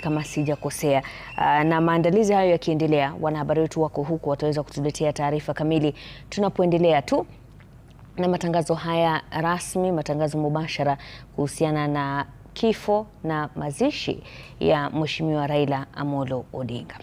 Kama sijakosea. Ah, na maandalizi hayo yakiendelea, wanahabari wetu wako huku, wataweza kutuletea taarifa kamili tunapoendelea tu na matangazo haya rasmi, matangazo mubashara kuhusiana na kifo na mazishi ya Mheshimiwa Raila Amolo Odinga.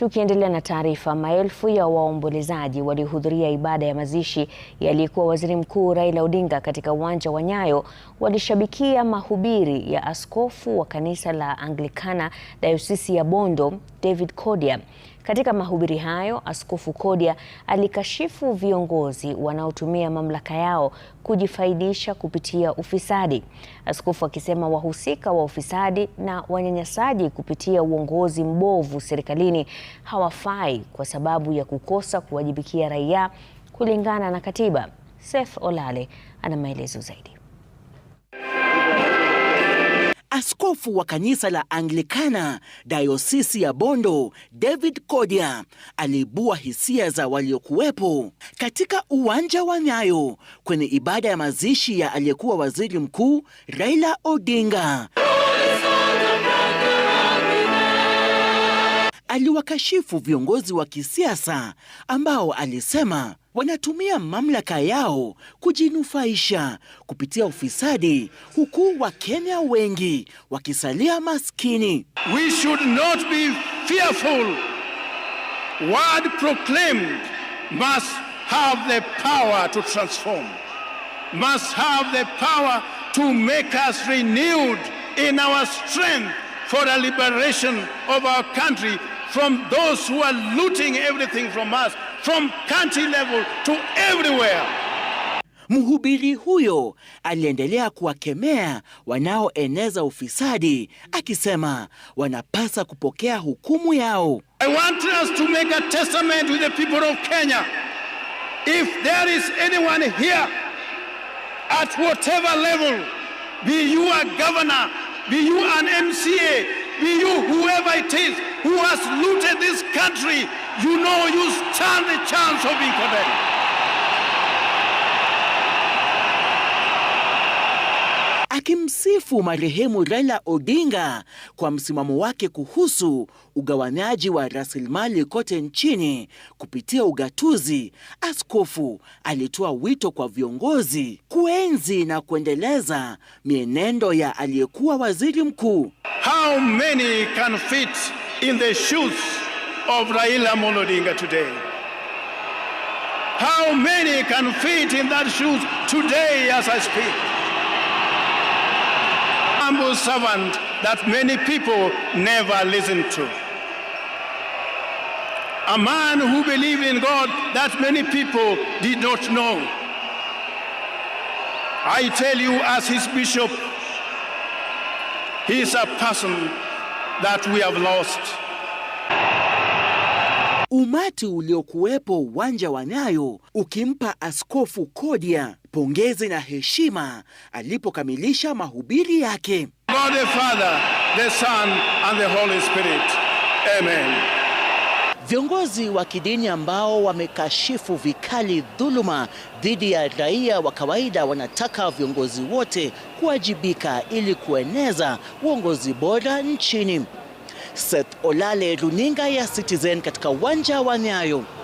Tukiendelea na taarifa, maelfu ya waombolezaji walihudhuria ibada ya mazishi ya aliyekuwa waziri mkuu Raila Odinga katika uwanja wa Nyayo walishabikia mahubiri ya askofu wa kanisa la Anglikana dayosisi ya Bondo David Kodia. Katika mahubiri hayo, Askofu Kodia alikashifu viongozi wanaotumia mamlaka yao kujifaidisha kupitia ufisadi. Askofu akisema wahusika wa ufisadi na wanyanyasaji kupitia uongozi mbovu serikalini hawafai kwa sababu ya kukosa kuwajibikia raia kulingana na katiba. Seth Olale ana maelezo zaidi. askofu wa kanisa la Anglikana dayosisi ya Bondo David Kodia aliibua hisia za waliokuwepo katika uwanja wa Nyayo kwenye ibada ya mazishi ya aliyekuwa waziri mkuu Raila Odinga. aliwakashifu viongozi wa kisiasa ambao alisema wanatumia mamlaka yao kujinufaisha kupitia ufisadi huku Wakenya wengi wakisalia maskini. We should not be fearful. Word proclaimed must have the power to transform. Must have the power to make us renewed in our strength for liberation of our country from those who are looting everything from us from county level to everywhere. Mhubiri huyo aliendelea kuwakemea wanaoeneza ufisadi akisema wanapasa kupokea hukumu yao. I want us to make a testament with the people of Kenya. If there is anyone here at whatever level, be you a governor, be you an MCA, you, whoever it is, who has looted this country, you know you stand a chance of being convicted. kumsifu marehemu Raila Odinga kwa msimamo wake kuhusu ugawanyaji wa rasilimali kote nchini kupitia ugatuzi, askofu alitoa wito kwa viongozi kuenzi na kuendeleza mienendo ya aliyekuwa waziri mkuu. How many can fit in the shoes of Raila Odinga today? How many can fit in that shoes today as I speak? humble servant that many people never listen to. A man who believed in God that many people did not know. I tell you, as his bishop, he is a person that we have lost. Umati uliokuwepo uwanja wa Nyayo ukimpa Askofu Kodia pongezi na heshima alipokamilisha mahubiri yake. God the Father, the Son and the Holy Spirit. Amen. Viongozi wa kidini ambao wamekashifu vikali dhuluma dhidi ya raia wa kawaida wanataka viongozi wote kuwajibika ili kueneza uongozi bora nchini. Seth Olale, runinga ya Citizen katika uwanja wa Nyayo.